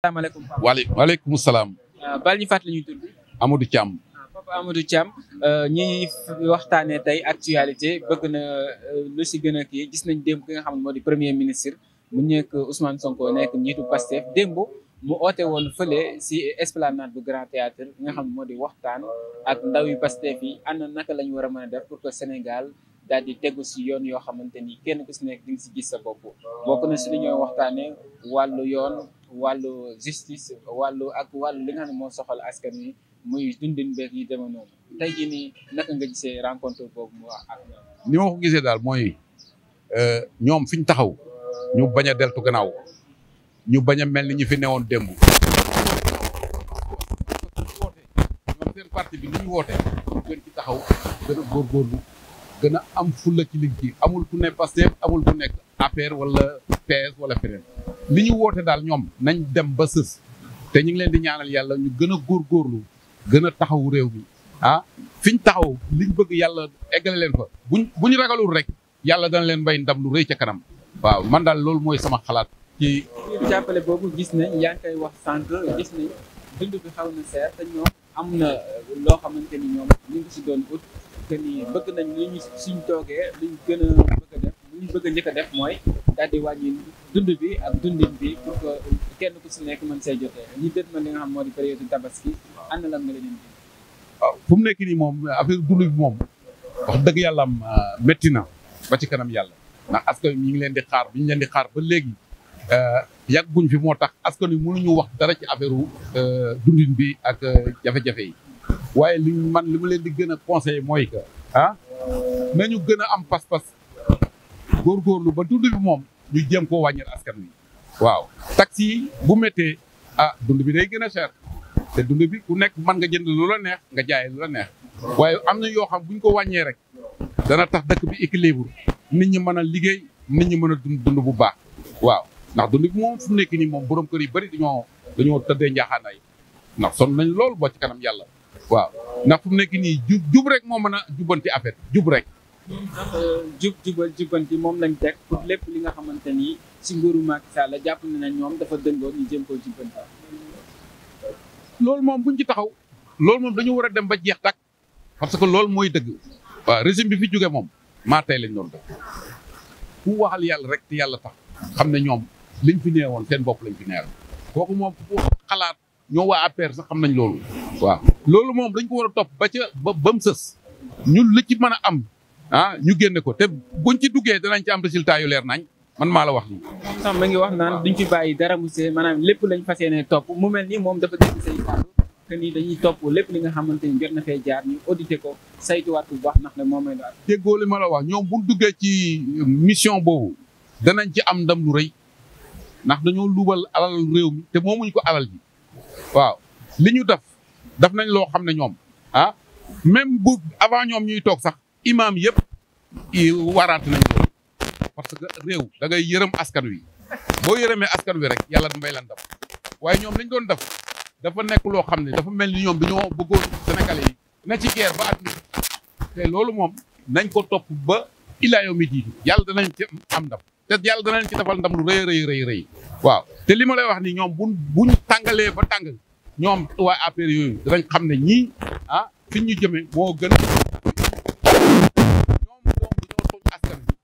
salaamaaleykum Pape. waaleykum salaam. Ah, bal ñu fàttali ñu tudd. Amadou Thiam. Ah, Papa Amadou Thiam euh, ñi ñuy waxtaanee tey actualité bëgg na euh, lu si gën a kii gis nañ démb ki nga xam ne moo di premier ministre mu nekk Ousmane Sonko nekk njiitu Pastef démb. mu oote woon fële si esplanade bu Grand Théâtre nga xam ne moo di waxtaan ak ndaw yu Pastef yi na naka la ñu war a mën a def pour que Sénégal daal di tegu si yoon yoo xamante ni kenn ku si nekk di nga si gis sa bopp bokk na si li ñooy waxtaanee wàllu yoon wàllu justice wàllu ak wàllu li nga xam moo soxal askan wi muy dundin beeg yi demee noonu tey jii ni naka nga gisee rencontre boobu mu wax ak ni ma ko gisee daal mooy euh, ñoom fi ñu taxaw ñu bañ a deltu gannaaw ñu bañ a mel ni ñu fi newoon démb. ñoom seen bi li ñu woote gën ci taxaw gën a góorgóorlu gën am fulla ci liñ ci amul ku amul ku nekk APR wala PS wala feneen li ñu woote daal ñoom nañ dem ba sës te ñu ngi leen di ñaanal yàlla ñu gën a góorlu gën a taxawu réew mi ah fi ñu taxaw liñ bëgg yàlla eggale leen fa buñ bu ñu ragalul rek yàlla dana leen bay ndam lu rëy ca kanam waaw man daal loolu mooy sama xalaat ci jàppale boobu gis nañ yaa ngi wax sànq gis nañ dund bi xaw na seer te ñoom am na loo xamante ni ñoom ñu ngi si doon ut que ni bëgg nañ li ñu suñ toogee luñ gën a bëgg def bëgg a njëkk def mooy daal di wàññi dund bi ak dundin bi pour que kenn ku si nekk mën see jotee ñu dët ma li nga xam moo di période tabaski ànd lan nga leen di waaw fu mu nekk nii moom affaire dund bi moom wax dëgg yàlla am ah, métti na ba ci kanam yàlla ndax askan ñu ngi leen di xaar bu ñu leen di xaar ba léegi Euh, yàgguñ fi moo tax askan wi mënuñu wax dara ci affaire euh, dundin bi ak euh, jafe-jafe yi waaye li man li mu leen di gën a conseillé mooy que ah nañu gën a am pas-pas góorgóorlu ba dund bi moom ñu jëm koo wàññil askan wi waaw taxi yi bu méttee ah dund bi day gën a cher te dund bi ku nekk mën nga jënd lu la neex nga jaay lu la neex waaye am na yoo xam bu ko wàññee rek dana tax dëkk bi équilibre nit ñi mën a liggéey nit ñi mën a dund dund bu baax ndax dund bi moom fu nek ni mom borom keur yi bari dañoo dañoo tëddee njaxanaay ndax son nañ lool bo ci kanam yalla waaw ndax fu nek ni jub jub rek mo meuna jubanti affaire jub rek. Euh, jub jubal jubanti mom lañ tek pour lepp li nga xamanteni ci nguru mak Macky Sall jàpp na ñoom dafa dëngoo ñu jëm koo jubanti. lool mom buñ ci taxaw lool mom dañu wara dem ba jeex tak parce que lool moy deug wa régime bi fi jóge mom ma tay lañ doon def ku waxal yalla rek te yalla tax xam ñoom liñ fi neewoon seen bop lañ fi neer koku mom ku xalaat ño wa APR sax xam nañ lolu wa lolu mom dañ ko wara top ba ca bam seus ñun li ci mëna am ha ah, ñu génné ko té buñ ci duggee danañ ci am résultat yu leer nañ man mala wax ni sam ma ngi wax naan duñ ci bayyi dara mu sé manam lepp lañ fassé yéene topp mu melni mom dafa dégg sey kàddu té ni dañuy top lepp li nga xamanteni ni jot na fay jaar ñu audité ko saytu wat bu baax nak nag momay daal doon. li mala wax ñom buñ duggé ci mission boobu danañ ci am ndam lu reuy ndax dañoo luubal alal réew mi te moomuñ ko alal ji waaw li ñu def daf nañ loo xam ne ñoom ah même bu avant ñoom ñuy toog sax imaam yëpp waraat nañ ko parce que réew da ngay askan wi boo yërëmee askan wi rek yàlla mbay lan waaye ñoom lañ doon def dafa nekk loo xam ne dafa mel ni ñoom dañoo bëggoon sénégalais yi na ci guerre ba at mi te loolu moom nañ ko topp ba ilaa yow mi yàlla danañ ci am ndam te yàlla dana leen ci defal ndam lu rëy rëy rëy rëy waaw te li ma lay wax ni ñoom bu buñ tàngalee ba tàng ñoom waa affaire yooyu danañ xam ne ñii ah fi ñu jëme moo gën ñoom tooñ askan bi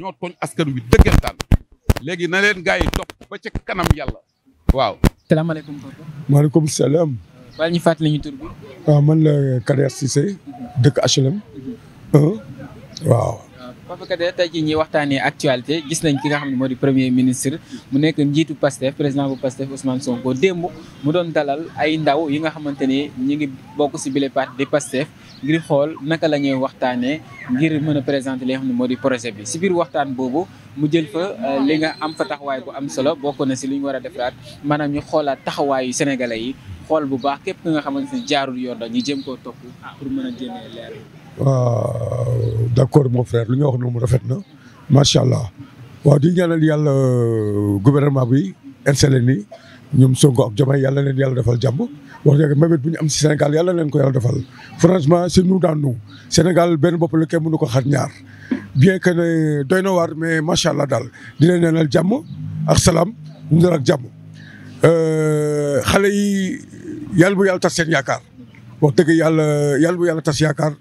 ñoo tooñ askan wi dëggantaan léegi na leen gaa yi topp ba ca kanam yàlla waaw salaamaaleykum papa maaleykum salaam bal ñu fàttali ñu tur bi waaw ah, man la Kader Cissé dëkk HLM mhm. ah, waaw Papa Kader tey jii ñuy waxtaanee actualité gis nañ ki nga xam ne moo di premier ministre mu nekk njiitu Pastef président bu Pastef Ousmane Sonko démb mu doon dalal ay ndaw yi nga xamante ni ñi ngi bokk si bile parti di Pastef ngir xool naka la ñuy waxtaanee ngir mën a présenter li nga xam ne moo di projet bi si biir waxtaan boobu mu jël fa euh, li nga am fa taxawaay bu am solo bokk na si li ñu war a defaraat maanaam ñu xoolaat taxawaayu sénégalais yi xool bu baax képp ki nga xamante ni jaarul yoon la ñu jëm koo topp pour mën a génnee leer Euh, d'accord mon frère li nga wax noonu rafet na macha allah waaw di ñaanal yalla euh, gouvernement bi installé ñum ñoom ak Diomaye yalla leen yalla defal jamm wax rek mabet bu ñu am ci Sénégal yalla leen ko yalla defal franchement c'est nous dans nous Sénégal ben bop lu kenn mënu ko xat ñaar bien que ne war na waar mais macha allah daal di leen ñaanal jamm ak salam ñu rek jamm euh xalé yi yalla bu yalla tass sen yaakaar wax deug yalla yalla bu yalla tass yaakaar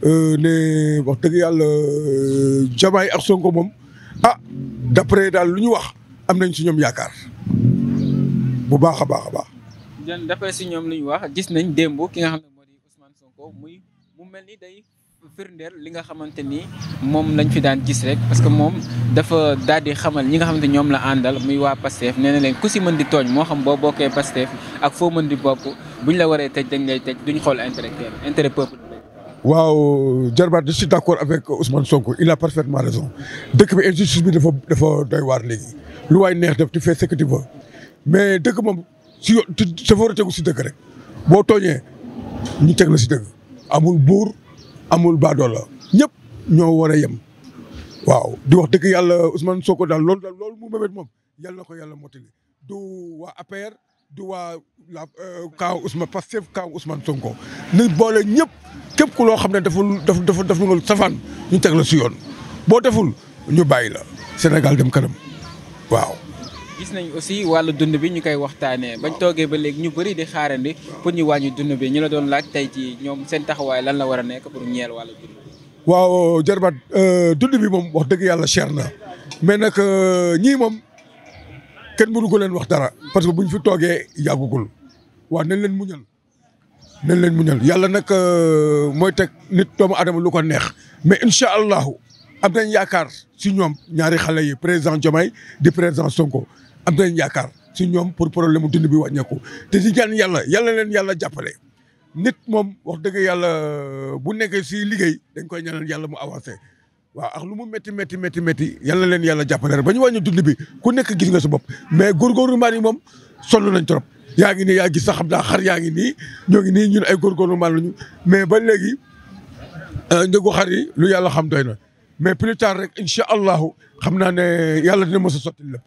Euh, ne wax dëgg yàlla euh, Diomaye ak Sonko moom ah d'après daal lu ñu wax am nañ ci ñoom yaakaar bu baax a baax a baax. jërëjëf d'après si ñoom lu ñu wax gis nañ démb ki nga xam ne moo di Ousmane Sonko muy mu mel ni day firndeel li nga xamante ni moom lañ fi daan gis rek parce que moom dafa daal di xamal ñi nga xamante ñoom la àndal muy waa Pastef nee na leen ku si mën di tooñ moo xam boo bokkee Pastef ak foo mën di bokk ñu la waree tëj dañ lay tëj duñ xool intérêt intérêt peuple. waaw jarbaat je suis d' accord avec Ousmane Sonko il a parfaitement raison dëkk bi injustice bi dafa dafa doy waar léegi lu waay neex def tu fais ce que mais dëkk moom si yow dafa war a tegu si dëgg rek boo tooñee ñu teg la si dëgg amul buur amul baadoola ñëpp ñoo war a yem waaw di wax dëgg yàlla Ousmane Sonko daal loolu daal loolu mu mébét moom yàlla ko yàlla motali du waa APR du waa la euh, Kaaw Ousmane Pastef Kaaw Ousmane Sonko nañ boole ñëpp képp ku loo xam ne deful daf daf daf nga safaan ñu teg la si yoon boo deful ñu bàyyi la Sénégal dem kanam waaw. gis nañ aussi wàllu dund bi ñu koy waxtaanee bañ toogee ba léegi ñu bëri di xaarandi pour ñu wàññi dund bi ñu la doon laaj tey ci ñoom seen taxawaay lan la war a nekk pour ñeel wàllu dund bi. waaw euh, bi moom wax dëgg yàlla cher na mais nag euh, ñii moom. kenn mënu ko leen wax dara parce que bu ñu fi toogee yàggugul waaw nañ leen muñal nañ leen muñal yàlla nag euh, mooy teg nit doomu adama lu ko neex mais incha allahu am nañ yaakaar si ñoom ñaari xale yi président Diomaye di président Sonko am nañ yaakaar si ñoom pour problème mu dund bi wàññeeku te si ñaan yàlla yàlla leen yàlla jàppale. nit moom wax dëgg yàlla bu nekkee si liggéey dañ koy ñaanal yàlla mu avancé. waaw ak lu mu métti métti métti métti yal leen yàlla jàppale rek ba ñu wàññi dund bi ku nekk gis nga sa bopp mais góorgóorlu maan yi moom sonn nañ trop yaa ngi nii yaa gis sax xam daa xar yaa ngi nii ñoo ngi nii ñun ay góorgóorlu maan lañu mais ba léegi euh, njëgu xar lu yàlla xam doy na mais plus tard rek incha allahu xam naa ne yàlla dina mos a sotti lépp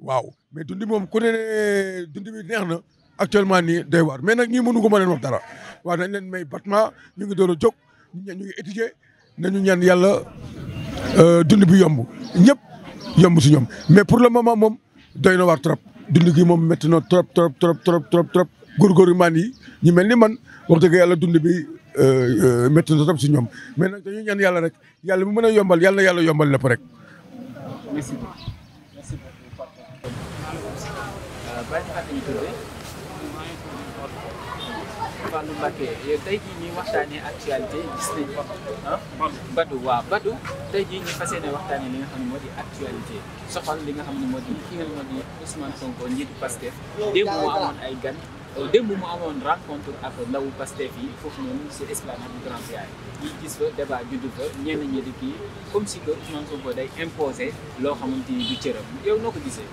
waaw mais dund moom ku ne dund bi neex na actuellement nii day waar mais nag ñii mënu ko ma leen dara waaw dañ leen may battement ñu ngi door a jóg ñu ngi étudier ñaan yàlla Euh, dund bi yomb ñëpp yomb si ñoom mais pour le moment moom doy na waar trop dund gi moom métti na trop trop trop trop trop trop góorgóorlu maan ñu mel ni man wax dëgg yàlla dund bi euh, euh, métti na trop si ñoom mais nag dañuy ñan yàlla rek yàlla mu mën a yombal yàlla yàlla yombal lépp rek. merci Fallou Mbacké yow tey jii ñuy waxtaanee actualité gis nañ ko ah Badou waaw Badou tey jii ñu fas yéene waxtaanee li nga xam ne moo di actualité soxal li nga xam ne moo di ki nga moo di Ousmane Sonko njiitu Pastef démb mu amoon ay gan euh, démb mu amoon rencontre ak ndawu Pastef yi foofu noonu si esplanade du Grand Théâtre yi gis fa débat juddu fa ñenn ñi di kii comme si que Ousmane Sonko day imposer loo xamante ni du cëram yow noo ko gisee.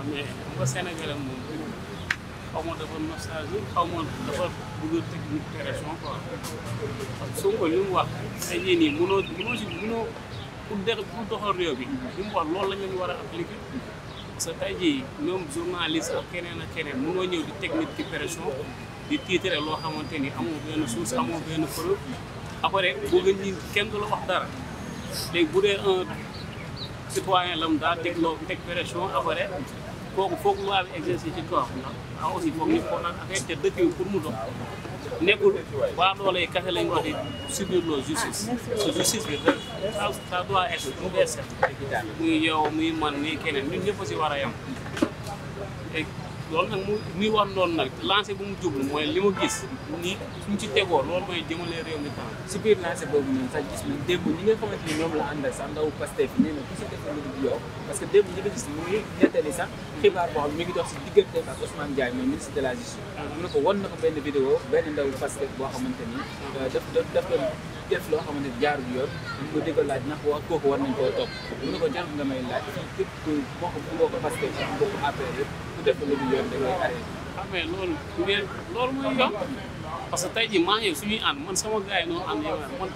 Ah, xaw ma dafa massage xaw dafa bëgg a technique pression quoi parce wax ay ñii nii mënoo mënoo si mënoo pour de pour doxal réew bi li mu wax loolu la war a appliquer parce que tey jii ñoom keneen ak keneen mënoo ñëw di technique ci pression di tiitre loo xamante ni amoo benn source amoo benn preuve après bëgg ñi kenn du la wax dara léegi bu dee un citoyen lam daa teg loo teg pression kooku foog mu am exercice ci toog ndax ah aussi foog ñu xoolal dëkk bi pour mu dox nekkul waa doole yi kese lañ war di subir loo justice parce que justice bi da ça doit être universel muy yow muy man nii keneen ñun ñëpp si war a yem loolu nag mu muy wax noonu nag lancé bu mu jublu mooy li ma gis ni suñ ci tegoo loolu mooy jëmalee réew mi kanam si biir lancé boobu noonu sax gis nga xamante ni ñoom la àndal ndaw Pastef nee na ku si def lu dul yow parce que démb ñi nga gis mu ngi nettali sax xibaar boo xam mi ngi dox si diggante ak Ousmane Ndiaye mooy ministre de la justice ah. mu ne ko wan na ko benn vidéo benn ndaw Pastef boo xamante ni euh, daf daf doon def loo xamante jaar bu yoon ñu ko déggal laaj nax wax kooku war nañ koo topp mu ne ko jarul nga may laaj fii képp ko boo ko Pastef boo ko ku ah, mais loolu ngeen mooy yoon parce que tey jii maa ngi suñuy ànd man sama gars yi noo ànd yow man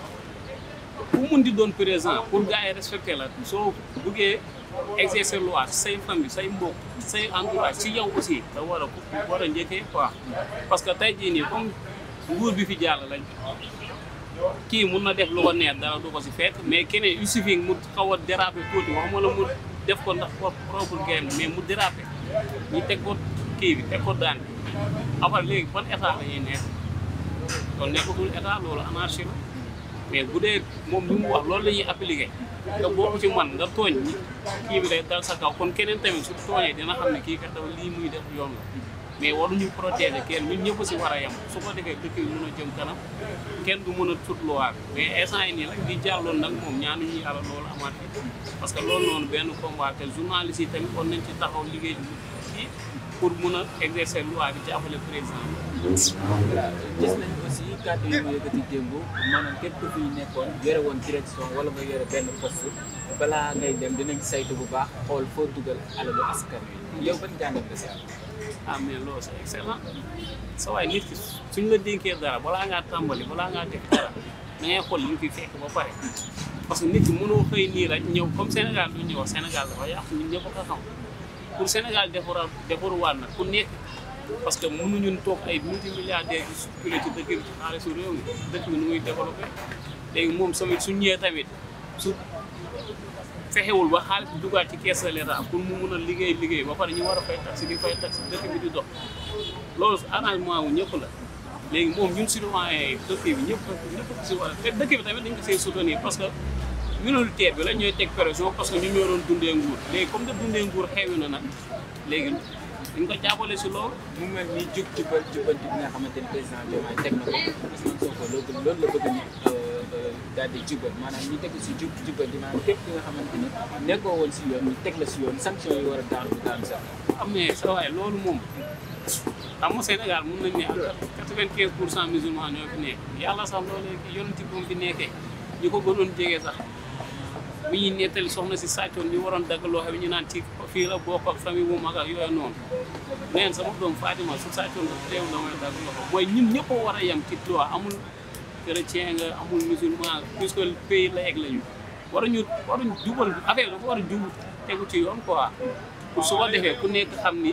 ku mun di doon présent pour gars yi respecté la soo buggee exercer loi say famille say mbokk say entourage si yow aussi da war a war a parce que tey jii nii comme nguur bi fi jàll lañ kii mun na def lu ko neex du ko si fekk mais keneen il suffit mu xaw a déraper tuuti waxuma la mu def ko ndax propre game mu déraper ñu teg ko kii bi teg ko daan bi après léegi ban état nekk kon nekkatul état loolu anarchie la mais bu dee moom li mu wax lool la ñuy appliqué nga bokk ci man nga tooñ kii bi day dal sa kaw kon keneen tamit su tooñee dina xam ne kii kat dafa lii muy def yoon la mais waruñu protéger kenn ñun ñëpp si war a yem su ko defee dëkk yi mën a jëm kanam kenn du mun a tutluwaat mais instant yi nii rek di jàlloon nag moom ñaanuñu yàlla loolu amaat parce que loolu noonu benn combat te journaliste yi tamit war nañ ci taxaw liggéey bi pour mun a exercer loi bi jàppale président voilà gis nañ aussi kàddu yi mu yëkkati démb maanaam képp ku nekkoon yore woon direction wala nga yore benn poste balaa ngay dem dinañ saytu bu baax xool foo dugal alalu askan wi yow ban jàngat nga si am ah mais loolu c'est excellent sa waay nit suñ la dénkee dara balaa ngaa tàmbali balaa ngaa def dara da ngay xool ñu fi fekk ba pare parce que nit ki mënoo xëy nii rek ñëw comme Sénégal lu ñëw Sénégal dafa yàqu ñun ñëpp ko xam pour Sénégal defaraat defaruwaat na ku nekk parce que mënuñu toog ay multimilliardaires yu circulé ci dëkk bi ci xaalisu réew mi dëkk bi nu muy développé léegi moom samit fexewul ba xaalis bi a ci caisse de l'État pour mu mun a liggéey liggéey ba pare ñu war a fay di fay taxe dëkk bi di dox loolu arrangement wu ñëpp la léegi moom ñun citoyen dëkk bi ñëpp ñëpp si war a te dëkk bi tamit dañ ko see soutenir parce que minoritaire bi la ñooy teg pression parce que ñun ñoo doon dundee nguur léegi comme de dundee nguur xewi na nag léegi dañ ko jàppale si loolu. mu mel ni jub jubal jubal bi nga xamante ni président Diomaye teg na ko Ousmane Sonko loolu la bëgg daal di jubal maanaam si jub jubal di maanaam képp ki nga xamante ni nekkoo woon si yoon ñu teg la si yoon sanction yi war a daal di daal sax. am mais sa waay loolu moom xam nga Sénégal mun nañu ne ak quatre-vingt-quinze pour cent musulman ñoo fi nekk yàlla sax loolee yonent bi moom fi nekkee ñu ko soxna si sàccoon ñu waroon dagg loo ñu naan ci fii la bokk ak famille bu mag ak yooyu loxo mooy ñun ñëpp war a yem ci droit amul chrétien nga amul musulman puisque pays la la ñu waruñu waruñ jubal affaire dafa war a jub tegu ci yoon quoi pour su ko defee ku nekk xam ni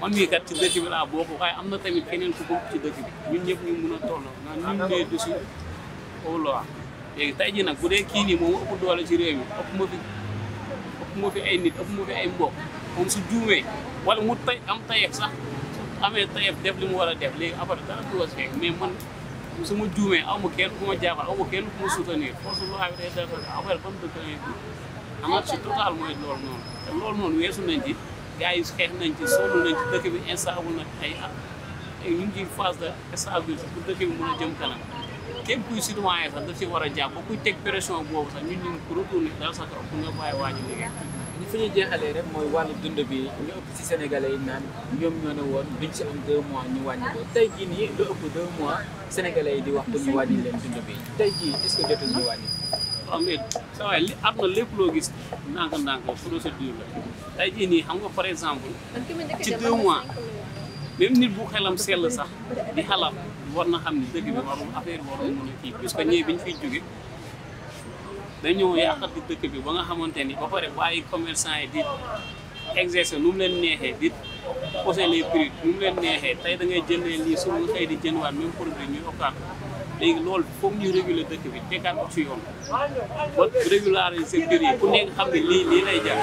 man mii kat ci dëkk bi laa waaye am na tamit keneen ku bokk ci dëkk bi ñun ñëpp ñu mun a tolloo naan ñun nee dessus au léegi tey jii nag bu dee kii nii moom ëpp doole ci réew mi ëpp ma fi ëpp ay nit ay mbokk moom su juumee wala mu tay am tayeef sax amee tayeef def li mu war a def léegi après man su ma juumee aw ma kenn ku ma jàppal aw ma kenn ku ma soutenir force lu ay day def affaire ban dëkk lay dugg anarchie totale mooy loolu noonu te loolu noonu weesu nañ ci gars yi xeex nañ ci sonn nañ ci dëkk bi instable na ay at ñu ngi phase de stabilité pour dëkk bi mën a jëm kanam képp kuy citoyen war a jàpp kuy teg pression boobu sax ñun ñu ngi ko retourné dal sa kaw pour nga bàyyi waa ji fi ñuy jeexalee rek mooy wàll dund bi ñu ëpp ci sénégalais yi naan ñoom ñoo ne woon duñ ci am deux mois ñu wàññi ko tey jii nii lu ëpp deux mois sénégalais yi di wax pour ñu leen dund bi tey jii est-ce que jotul ñu wàññi. waaw mais sa waay li am na lépp loo gis ndànk-ndànk procédure la tey jii nii xam nga par exemple ci deux mois même nit bu xelam sell sax di xalaat war na xam ni dëgg bi warul affaire warul mën a kii parce que ñëw bi ñu fiy jóge day ñëw yàqati dëkk bi ba nga xamante ni ba pare bàyyi commerçant yi di exercer nu mu leen neexee di poser les prix nu leen neexee tey da ngay jëndee lii su nga xëy di jënwaat même produit ñuy okkaat léegi loolu foog ñu réguler dëkk bi tegaat ko ci yoon ba régulariser prix yi ku nekk xam ne lii lii lay jar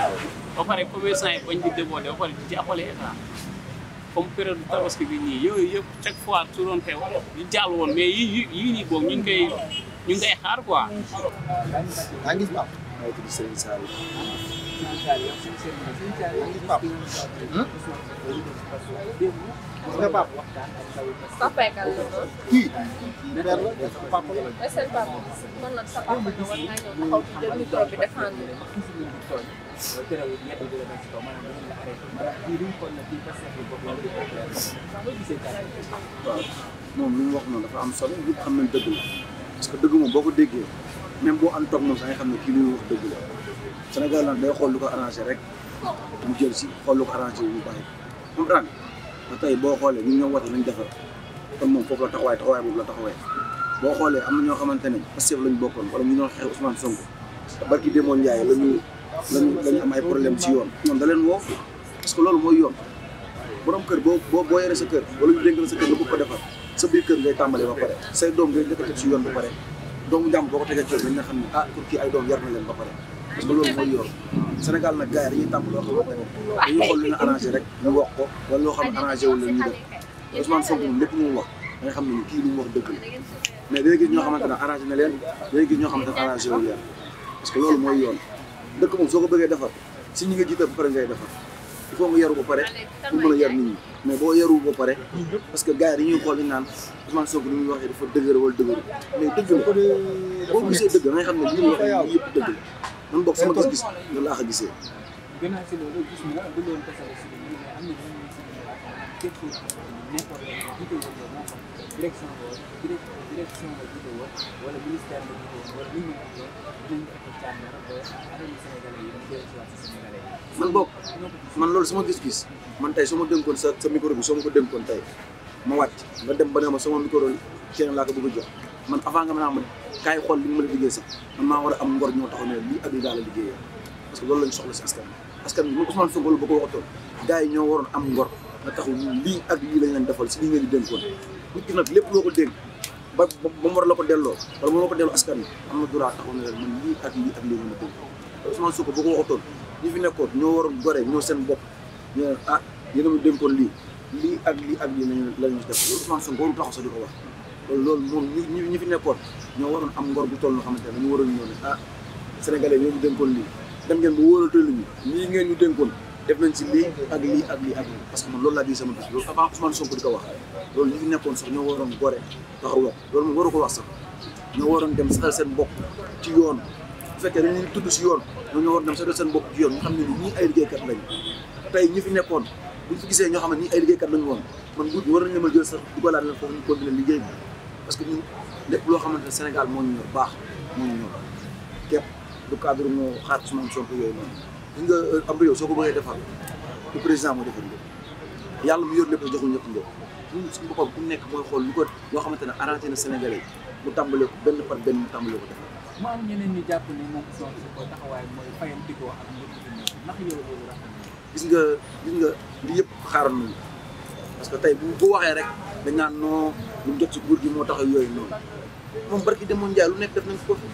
ba pare commerçant yi bañ di déborder ba pare di jàppale état comme période tabaski bi nii yooyu yëpp chaque fois su doon xew ñu jàll woon mais yi yii nii boog ñu ñu ngi koy xaar quoi. maa ngi Pape. maa ngi tudd Serigne Saliou. maa ngi Pape. gis nga Pape. Pape ay kan la lool. kii. père la def Pape la. mooy seen Pape man nag sa Pape la war naa ñëw taxaw ci jël micro bi défendre moom li mu wax noonu dafa am solo ñëpp xam nañ dëgg la. parce que dëgg moom boo ko déggee même boo am toog moom sax nga xam ne kii luy wax dëgg la Sénégal nag day xool lu ko arrangé rek mu jël si xool lu ko arrangé wu ñu bàyyi moom daan ba boo xoolee ñun ñoo wate nañ defar kon moom foofu la taxawaay taxawaay boobu la taxawaay boo xoolee am ñoo xamante ne Pastef lañ bokkoon wala ñu doon xeex Ousmane Sonko barki démoon Ndiaye la ñu lañu lañu am problème ci yoon ñoom da leen woo parce que loolu mooy yoon borom kër boo boo boo yore sa kër wala ñu dénk la sa kër lu ko ko defar sa biir kër ngay tàmbalee ba pare say doom ngay njëkk teg si yoon ba pare doomu jàmm boo ko tegee ci nga xam ne ah pour kii ay doom yar na leen ba pare parce que loolu mooy yoon yi dañuy loo xamante ne dañuy xool lu arrangé rek ñu wax ko loo xam ne arrangé wu leen ñu def Ousmane lépp mu wax da nga xam ne kii lu mu wax dëgg la mais dina gis ñoo xamante ne arrangé na leen dina gis ñoo xamante ne arrangé wu leen parce que loolu mooy yoon dëkk moom soo ko bëggee defar si ñu ngi jiital ba pare ngay defar il nga yaru ba pare pour mën a yar nit ñi mais bo yeru ba paré parce que gars yi dañuy xol ni naan Ousmane Sonko li muy dafa dëgër wala dëgër mais dëgg la boo gisé deug nga xamné xam ne li muy waxee yëpp la man bokk sama gis-gis loolu laa ko gisee gis direction boobu direct direction vidéo wala a doon dinañ ko man boog man loolu sama gis-gis man tey su ma dénkoon sa sa micro bi soo ma ko dénkoon tey ma wàcc nga dem ba ne ma sama micro keneen laa ko bëgg a jox man avant nga mën a am kaay xool li mu mën a liggéey sax man maa war a am ngor ñoo taxaw ne lii Habib daal la liggéeyee parce que loolu lañ soxla si askan bi askan yi ñoo waroon am ngor nga taxaw lii ak lii lañ leen defal si lii ngeen di dénkoon nit ki lépp loo ko dénk ba ba mu war la ko delloo wala mu war ko delloo askan wi am na droit taxaw ne leen man lii ak lii ñi fi nekkoon ñoo war gore ñoo seen bopp ñu ne ah yéen lii ak lii ak lii lañu lañu def loolu Ousmane Sonko warul taxaw loolu moom ñi ñi fi nekkoon ñoo waroon am ngor bu toll noo xamante ne ñu waroon ñëw ne ah sénégalais ñoo ñu dénkoon lii dem ngeen ba wóorateelu ñu lii ngeen ñu dénkoon def nañ ci lii ak lii ak lii ak lii parce que man loolu laa di sama bis loolu avant Ousmane Sonko di ko wax loolu li fi nekkoon sax ñoo waroon gore taxaw wax loolu moom waru ko wax sax ñoo waroon dem setal seen bopp ci yoon bu fekkee dañ leen tudd si yoon ñoo ñoo waroon dem setal seen bopp ci yoon ñu xam ne ni ñii ay liggéeykat lañ tey ñi fi nekkoon buñ fi gisee ñoo xam ne nii ay liggéeykat lañu woon man guur bi war nañ leen a jël sax dugalaat leen foofu ñu continuer liggéey bi parce que ñun lépp loo xamante ne Sénégal moo ñu ñor baax moo ñu ñor képp du cadre moo xaar Ousmane Sonko yooyu noonu nga eh, am réew soo ko defal le président moo defal lépp yàlla mu yor lépp joxul ñëpp njëkk suñu boppam ku nekk lu ko loo xamante arrangé na sénégalais mu tàmbalee ko benn par benn mu tàmbalee ko defal mu am ñeneen ñu jàpp ni moom Sonko taxawaay mooy fayantikoo ak mbir mi ndax yow loolu rafet gis nga gis nga li yëpp xaaroon nañu parce que tey bu bu waxee rek dañ naan non lu jot ci gi tax barki lu nekk def nañ ko fi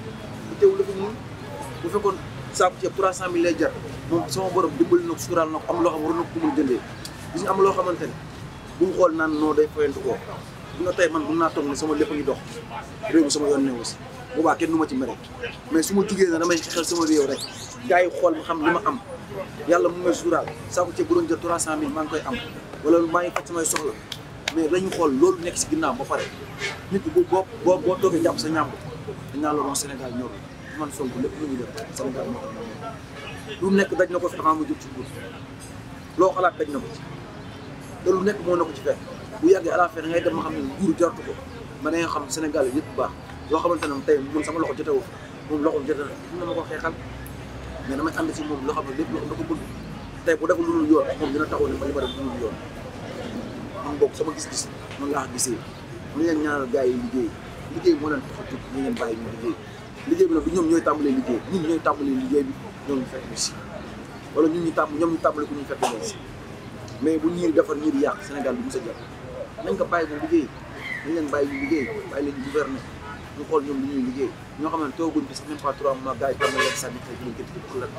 bu saako ceeb 300000 lay jar moom sama borom dimbali na ko suuraal na ko am loo xam war na ko mën jëndee gis nga am loo xamante ne bu mu xool naan noo day fayantu koo dina tey man mën naa toog ne sama lépp ngi dox réew mi sama yoon ne aussi boobaa kenn du ma ci mere mais su ma jugee na damay xel sama réew rek gars yi xool ma xam li ma am yàlla mu may suuraal saako ceeb bu doon jar 300000 maa ngi koy am wala maa ngi faj samay soxla mais dañu xool loolu nekk si ginnaaw ba pare nit ki boo boo boo toogee jàpp sa ñàmb dañ naan la Sénégal ñor Ousmane sonk lépp lu ñuy moo xam lu nekk daj na ko fi avant ci nguur loo xalaat daj na ko ci nekk moo na ko ci bu yàggee à la fin dem ma xam ne nguur jartu ko ma ne nga xam Sénégal yëpp bu baax loo xamante ne tey mun sama loxo jotewu moom loxo jote na ma ko xeexal mais damay ànd si moom loo xam ne lépp loxo da ko bëgg bu deful lu dul yoon moom dina taxaw ne ma li ma def lu dul yoon man bokk gis-gis man laa gisee mu leen ñaanal gars yi liggéey liggéey moo leen tax a jóg bàyyi liggéey liggéey bi nag du ñoom ñooy tàmbalee liggéey ñun ñooy tàmbalee liggéey bi ñoom ñu fekk ñu si wala ñun ñu tàmb ñoom ñu tàmbale ko ñu fekk ñoom si mais bu ñiir defar ñiir yàq Sénégal bi mos a jàpp nañ ko bàyyi ñu liggéey nañ leen bàyyi ñu liggéey bàyyi leen gouverner ñu xool ñoom li ñuy liggéey ñoo xam ne tooguñ bi sax même pas trois mois gars yi parle leen sànni tey ñu gëtt pour lan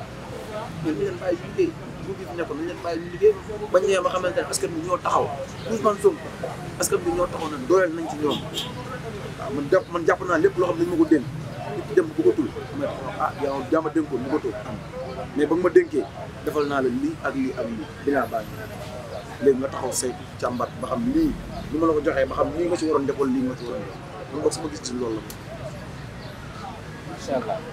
mais nañ leen bàyyi ñu liggéey bu bi fi nekkoon nañ leen bàyyi ñu liggéey bañ ñee ba xamante ne askan bi ñoo taxaw Ousmane Sonko askan bi ñoo taxaw nag dooleel nañ ci ñoom waaw man jàpp man jàpp naa lépp loo xam ne dañ ma ko dénk nit ki dem bëggatul ma ah yaa yaa ma dénkoon bëggatul am mais ba nga ma dénkee defal naa la lii ak lii ak lii dinaa bàyyi léegi nga taxaw saytu càmbar ba xam lii ni ma la ko joxee ba xam lii nga ci waroon def wala lii nga ci waroon def man boog sama gis-gis loolu la. incha